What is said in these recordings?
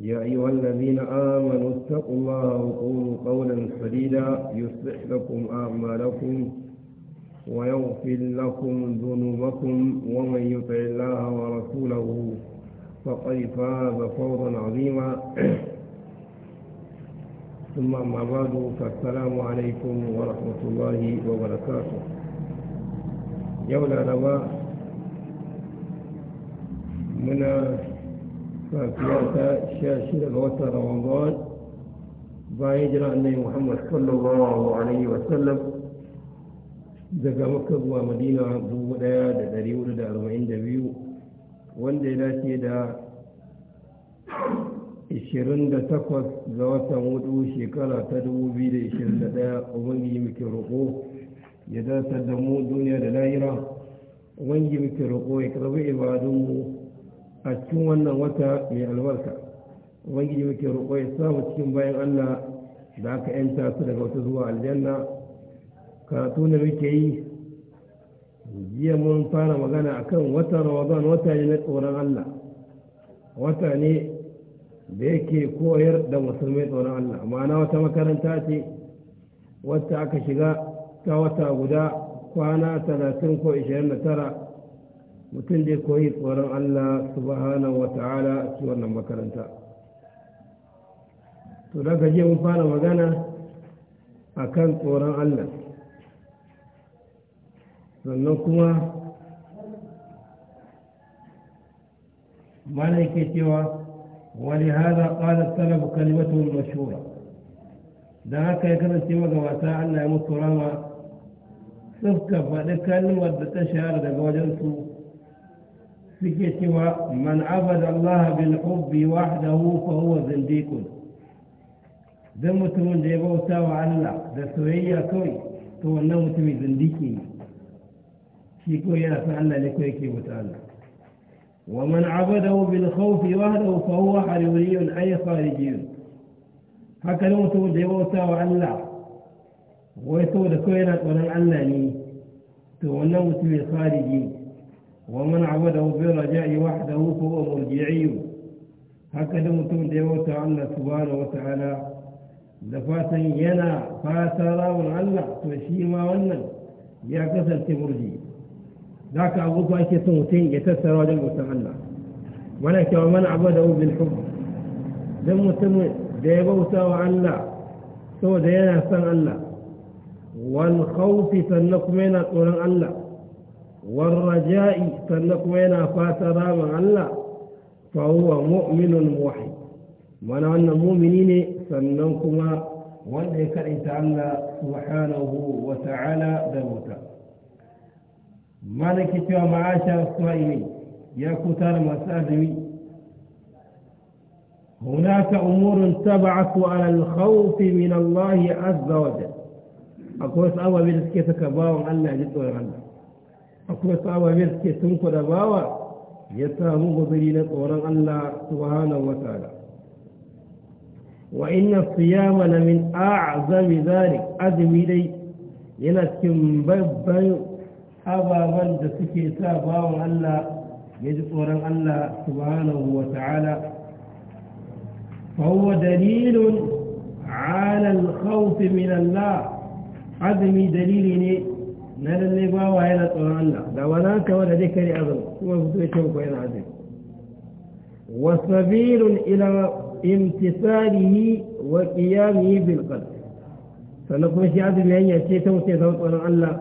يا أيها الذين آمنوا اتقوا الله وقولوا قولا سديدا يصلح لكم أعمالكم ويغفر لكم ذنوبكم ومن يطع الله ورسوله فقد فاز فوضا عظيما ثم أما بعد فالسلام عليكم ورحمة الله وبركاته يولا نبا منا safiyarta sha shida ga watan ramadan bayan jira annabi muhammad sallallahu alaihi wasallam daga makka zuwa madina dubu daya da dari hudu da arba'in da biyu wanda ya dace da ishirin da takwas ga watan hudu shekara ta dubu biyu da ishirin da daya ubangi muke roƙo ya zartar da mu duniya da lahira ubangi muke roƙo ya karbi ibadunmu a cikin wannan wata mai albarka ubangiji muke roƙo ya samu cikin bayan allah da aka yanta su daga wata zuwa aljanna karatu da muke yi jiya mun fara magana akan wata ramadan wata ne na tsoron allah wata ne da yake koyar da musulmai tsoron allah ma'ana wata makaranta ce wata aka shiga ta wata guda kwana talatin ko ishirin da tara mutum zai koyi tsoron Allah subhanahu wata'ala a wannan makaranta to daga je mun fara magana a kan tsoron Allah sannan kuma mana yake cewa wani hada ƙalar talabu kalimatun mashura don haka ya kasance magabata Allah ya mutu rama suka faɗi kalmar da ta shahara daga wajen su. بكتوى من عبد الله بالحب وحده فهو زنديق دمتون ديبو تاو علا دسوية توي تو النوم تمي زنديكي شيكو يا سعلا لكويكي بتعلا ومن عبده بالخوف وحده فهو حريوري أي خارجي حكا نوتون ديبو تاو علا ويتو دكوينات ونن تو النوم تمي خارجي ومن عبده بالرجاء وحده فهو مرجعي هكذا متون ديو تعالى سبحانه وتعالى دفاتا ينا فاسرا ونعلا تشيما ونن يا كسر تمرجي ذاك أبو فاك يتمتين يتسر وجل وتعالى ولكن ومن عبده بالحب دم تم ديو تعالى سو دينا سن الله والخوف تنقمنا قرآن الله والرجاء تنقوينا فاترى مع الله فهو مؤمن موحد من أن المؤمنين سننكما وليك الإتعالى سبحانه وتعالى دموتا مالك تيو معاشا الصائمين يا كتار مسادمي هناك أمور تبعث على الخوف من الله عز وجل أقول أول بلسكتك باو الله جد الله akwai sababen suke tunku da bawa ya samu guzuri na tsoron Allah subhanahu wa ta'ala wa inna siyama la min a'zami zalik azumi dai yana cikin babban ababen da suke sa bawan Allah ya ji tsoron Allah subhanahu wa ta'ala فهو دليل على الخوف من الله عدم دليل وسبيل إلى امتثاله وقيامه بالقلب فنقوم شيء عزيز لأن يأتي توتي ثوت ولا ألا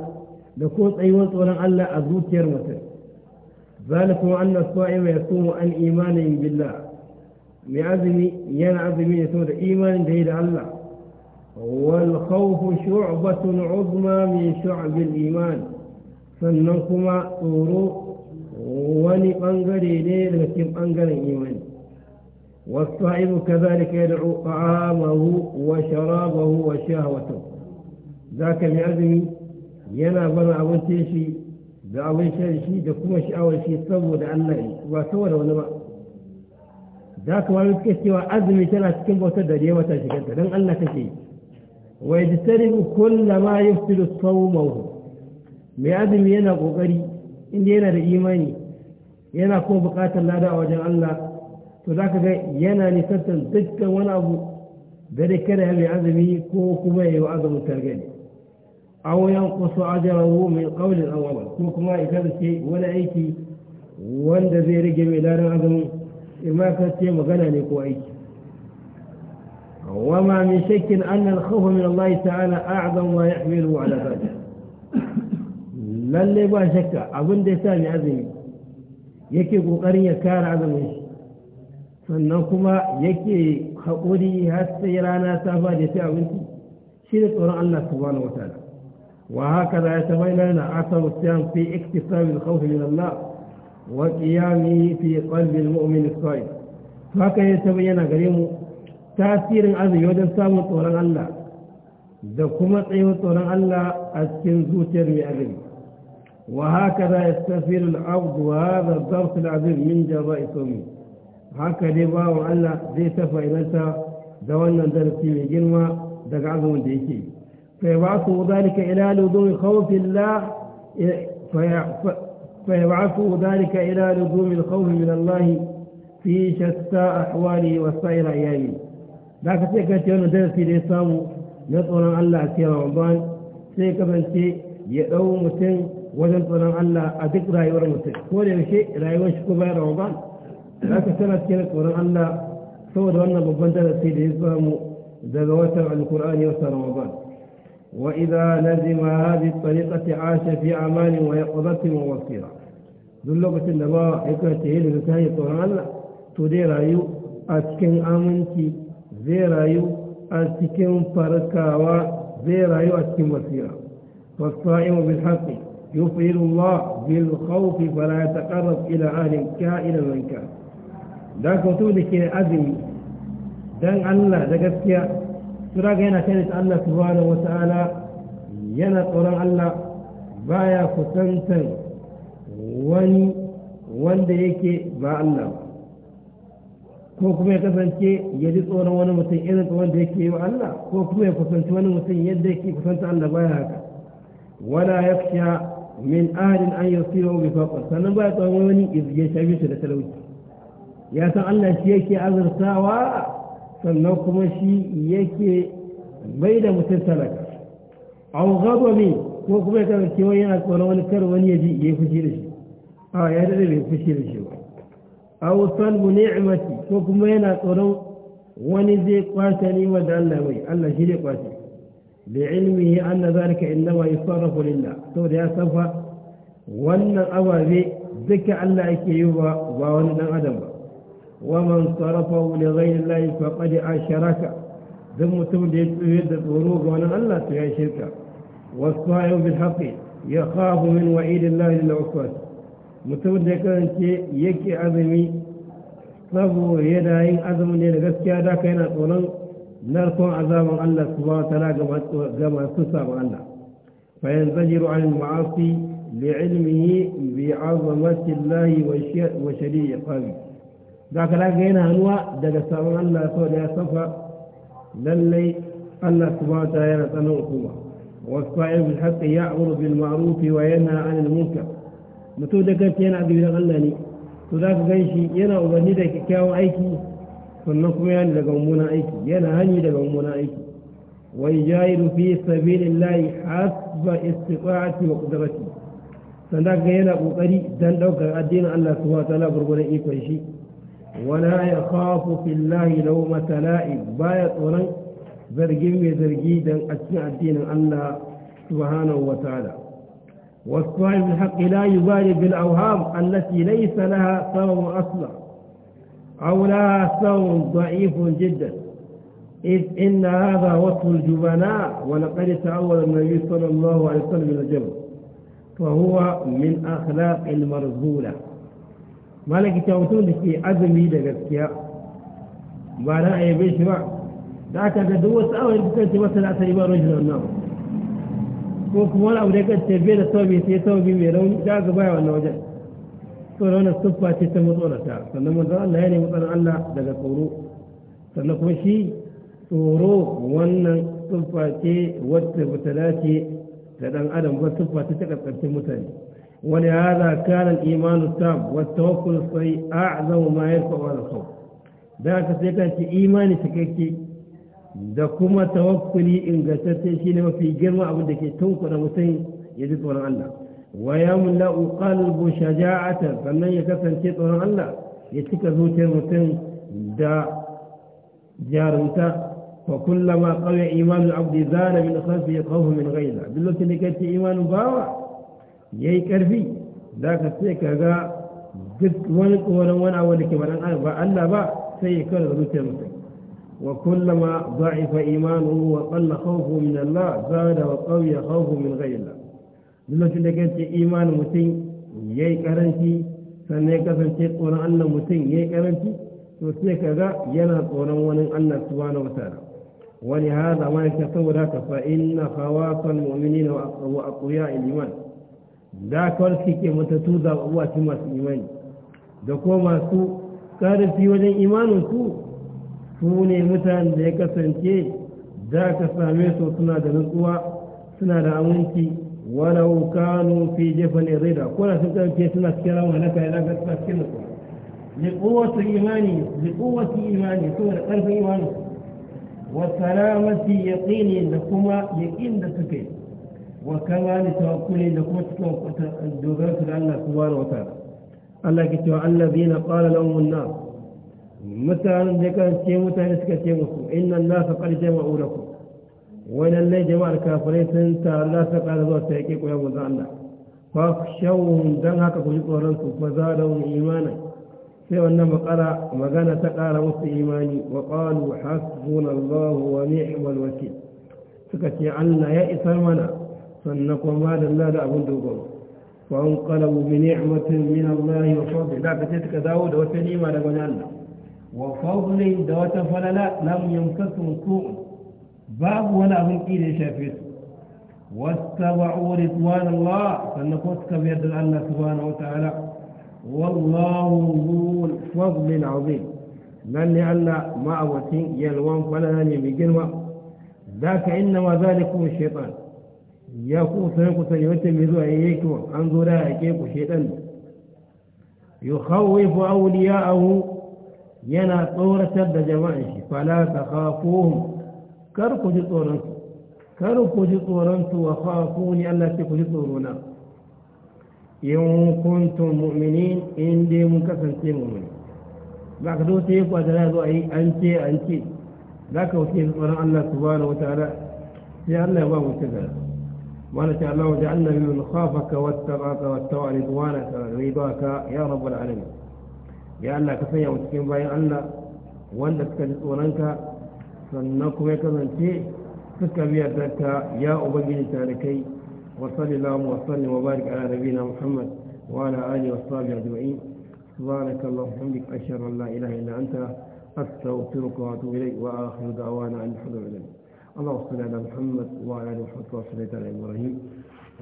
أي وقت ولا ألا أزود كرمته ذلك هو أن الصائم يصوم عن إيمانه بالله يعزمي ينعزمي يصوم إيمان به والخوف شعبة عظمى من شعب الإيمان سننكما tsoro wani bangare ne daga cikin ɓangaren imani والصائم كذلك يدعو طعامه وشرابه وشهوته ذاك العزم yana bana abinci shi da abin shan shi da kuma sha'awar shi saboda Allah ne ba saboda wani ba za ka wani suke cewa azumi tana cikin bautar da ne ta shiganta don Allah take yi ويجتنب كل ما يفسد الصوم mai azumi yana kokari inda yana da imani yana kuma bukatar lada a wajen Allah to zaka ga yana nisantar dukkan wani abu da dai kada ya mai azumi ko kuma ya yi wa azumin targani aw ajrahu min qawlin aw amal ko kuma idan da ce wani aiki wanda zai rage mai ladan azumin imma ka ce magana ne ko aiki وما من شك أن الخوف من الله تعالى أعظم ما يحمله على ذلك لا اللي بها شك أقول دي سامي أذني يكي قرية كار عظم فنكما يكي خقولي حتى يرانا تابا دي سامي شير القرآن الله سبحانه وتعالى وهكذا يتبين لنا اثر الصيام في اكتساب الخوف من الله وقيامه في قلب المؤمن الصائم فهكذا يتبين قريمه تاثير عظيم يودن سامو طوران الله دكما قيو طوران الله أسكن زوتر مئرين وهكذا يستثير العبد وهذا الضرس العظيم من جراء سومي هكذا يباو الله دي سفا إلتا دوانا درسي مجنوة دك عظم ديكي فيبعثه ذلك إلى لزوم خوف الله فيبعثه ذلك إلى لدوم الخوف من الله في شتى أحواله وسائر أيامه da aka sai kan ce wannan darasi da ya samu na tsoron Allah a cikin Ramadan sai kasance ya ɗau mutum wajen tsoron Allah a duk rayuwar mutum ko da yaushe rayuwar shi ko bayan Ramadan da aka tana cikin tsoron Allah saboda wannan babban darasi da ya samu daga watan alkur'ani watan Ramadan وإذا لزم هذه الطريقة عاش في أمان ويقظة ووصيرة duk lokacin da ba ya karta yi da ta yi tsoron Allah to dai rayu a cikin aminci زيرايو أستكيم فارسكا هوا زيرايو أستكيم وسيرا فالصائم بالحق يفعل الله بالخوف فلا يتقرب إلى أهل كائنا من كان دا كنتو لكي أزمي دان الله دا قسكيا تراغينا كانت الله سبحانه وتعالى ينا قرآن الله بايا فسنتا وني وان يكي با الله ko kuma ya kasance ya ji tsoron wani mutum irin tsoron da yake yi wa Allah ko kuma ya kusanci wani mutum yadda yake kusanta Allah baya haka wala yakhsha min ahlin an yusiru bi faqr sanan baya tsoron wani izge shafe shi da talauci ya san Allah shi yake azurtawa sannan kuma shi yake bai da mutum talaka aw ghadami ko kuma ya kasance wani yana tsoron wani kar wani ya ji ya fushi da shi a ya dade bai fushi da shi ba أو صلب نعمتي فكمينا قرون ونزي قاتلي ودى الله وي الله جلي قاتلي لعلمه أن ذلك إنما يصرف لله طول يا صفا وأن أوابي ذكى الله كيوبا وأن أدم ومن صرفه لغير الله فقد أشرك ذم تولي تهد الغروب وأن الله تعيش الشرك وصايم بالحق يخاف من وعيد الله للعصاة mutum da kasance yake azumi saboda yana yin azumin ne da gaskiya da ka yana tsoron narkon azaban Allah subhanahu wa ta'ala ga masu sabo Allah fa yanzajiru an ma'asi li ilmihi bi azamati Allah wa shari'i iqabi da ka daga yana hannuwa daga sabon Allah da ya safa lallai Allah subhanahu wa ta'ala yana tsanin hukuma والصائم bil يأمر wa وينهى anil munkar mutum da kansa yana azumin Allah ne to za ka gan shi yana ubanni da kyakkyawan aiki sannan kuma yana daga mummunan aiki yana hani daga mummunan aiki wai ya yi rufi fi sabilillahi hasba istiqaati wa qudrati sannan ga yana kokari dan daukar addinin Allah su wa ta'ala gurgurar ikon shi wala yakhafu fillahi lawmata la'ib baya tsoron zargin mai zargi dan a cikin addinin Allah subhanahu wa ta'ala والصاحب الحق لا يبالي بالأوهام التي ليس لها سبب أصلا أو لها سبب ضعيف جدا إذ إن هذا وصف الجبناء ولقد تأول النبي صلى الله عليه وسلم الجبن فهو من أخلاق المرزولة مالك تاوتون في أزمي لغسكيا ما لا يبيش بعض ذاك قد هو سأول بكيت مثلا أتريبا رجل النار ko kuma wani abu da ya kasance bai da sababi sai sababi mai rauni da ga baya wannan wajen to da wannan siffa ce ta matsalata sannan manzon Allah ya nemi tsaron Allah daga tsoro sannan kuma shi tsoro wannan siffa ce wacce ba ta dace da dan adam ba siffa ce ta kaskantun mutane wani hada kana al-imanu tam wa tawakkul sai a'zamu ma yarfa'u da khawf da aka sai kan ce imani cikakke da kuma tawakkuli ingantacce ne mafi girma abin da ke tunkura mutum ya ji tsoron Allah wa ya mulla qalbu shaja'atan sannan ya kasance tsoron Allah ya cika zuciyar mutum da jarumta fa kullama qawi imanu abdi zana min khalfi qawhu min ghayla duk lokacin da kace imanu bawa yayi karfi zaka sai kaga duk wani tsoron wani abu da ke ba Allah ba sai ya kare zuciyar mutum وكلما ضعف إيمانه وقل خوفه من الله زاد وقوي خوفه من غير الله لذلك لك أنت إيمان متين يأي كرنتي سنك سنتي قرآن متين يأي كرنتي وسنك ذا ينا قرآن ونن أن سبحانه وتعالى ولهذا ما يتصور هكا فإن خواص المؤمنين وأقوياء الإيمان لا كرسي كي متتوضى وأواتي ما في إيمان دكو ما سو كارثي وجن إيمان سو su ne mutanen da ya kasance za ka same su suna da nutsuwa suna da aminci walau kanu fi jefan rida ko da sun kasance suna cikin rawan halaka ya zaga suna cikin nutsuwa liƙuwatu imani liƙuwatu imani saboda ƙarfin imani wa salamati yaqini da kuma yaqin da suke wa kamali tawakkuli da kuma cikin dogaro da Allah subhanahu wa ta'ala Allah ke cewa allazina qala lahum nas مثلا إذا كان تيموت هل سك تيموت إن الناس قد جمعوا لكم وإن الله جمع الكافرين سنتا الناس قد أذوا تأكيك يا أبو ذعنا فاخشوهم دنهاك فجدوا رنسوا فزادهم إيمانا سوى أنما قال ما كان تقال وسط إيماني وقالوا حسبنا الله ونعم الوكيل سكت يعلنا يا إسلامنا فنقوم على الله لا أبو دوبهم فانقلبوا بنعمة من الله وفضل لا فتتك داود وسليم على بنانا wa fadlin da wata falala lam yamkasu su babu wani abin ki da ya shafe su wattaba'u ridwan Allah sannan ko suka biyar da Allah su ba na subhanahu wataala wallahu dhul fadlin azim lalle Allah ma'awatin yalwan falala ne mai girma zaka inna ma zalikum shaytan ya ku sai ku sani wata mai zuwa yayi ku an zo da yake ku shaytan yukhawwifu awliya'ahu yana tsoratar da jama'a shi fala ta khafuhum kar ku ji tsoron su kar ku ji tsoron su wa ni Allah ce ku ji tsoro na in kuntum mu'minin in dai mun kasance mu'mini ba ka zo sai ku da zo yi an ce an ce za ka wuce tsoron Allah subhanahu wataala sai Allah ya ba mu tagara wala ta Allah ja'alna min ka wa wattawa ridwanaka ka ya rabbul alamin ya Allah ka sanya mu cikin bayan Allah wanda suka ji tsoronka sannan kuma ya kasance suka biya zakka ya ubangiji talikai wa sallallahu wa sallam wa barik ala nabiyina Muhammad wa ala alihi wa sahbihi ajma'in سبحانك اللهم وبحمدك أشهد أن لا إله إلا أنت أستغفرك وأتوب إليك وآخر دعوانا أن الحمد لله اللهم صل على محمد وعلى آل محمد وصلى على إبراهيم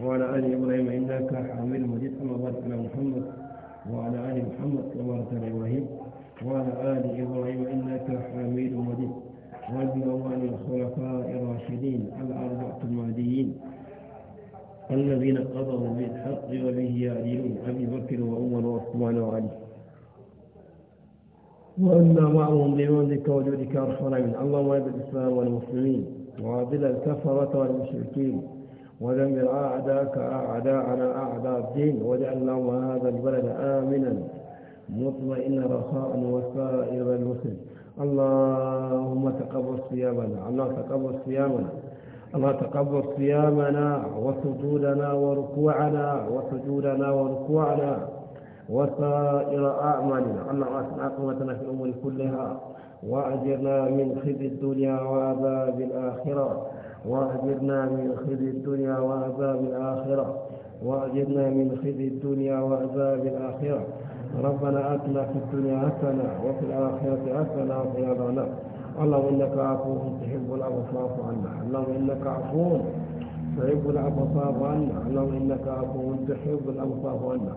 وعلى آل إبراهيم إنك حميد مجيد أما بارك على محمد وعلى آل محمد كما باركت إبراهيم وعلى آل إبراهيم إنك حميد مجيد وعلى عن الخلفاء الراشدين الأربعة المهديين الذين قضوا بالحق وبه يعدلون أبي بكر وعمر وعثمان وعلي وأنا معهم بمنك وجودك أرحم الراحمين اللهم أعز الإسلام والمسلمين وعادل الكفرة والمشركين ودمر أعداءك أعداءنا أعداء الدين واجعل لهم هذا البلد آمنا مطمئنا رخاء وسائر المسلم اللهم تقبل صيامنا اللهم تقبل صيامنا الله تقبل صيامنا وسجودنا وركوعنا وسجودنا وركوعنا وسائر أعمالنا اللهم أحسن عاقبتنا في الأمور كلها وأجرنا من خزي الدنيا وعذاب الآخرة وأجرنا من خزي الدنيا وعذاب الآخرة وأجرنا من خزي الدنيا وعذاب الآخرة ربنا آتنا في الدنيا حسنة وفي الآخرة حسنة وفي عذاب اللهم إنك عفو تحب العفو فاعف عنا اللهم إنك عفو تحب العفو فاعف عنا اللهم إنك عفو تحب العفو فاعف عنا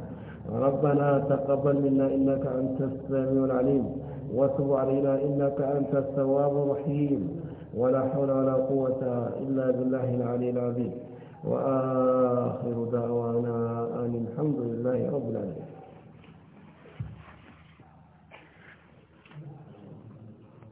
ربنا تقبل منا إنك أنت السميع العليم وتب علينا إنك أنت التواب الرحيم ولا حول ولا قوة إلا بالله العلي العظيم وآخر دعوانا أن الحمد لله رب العالمين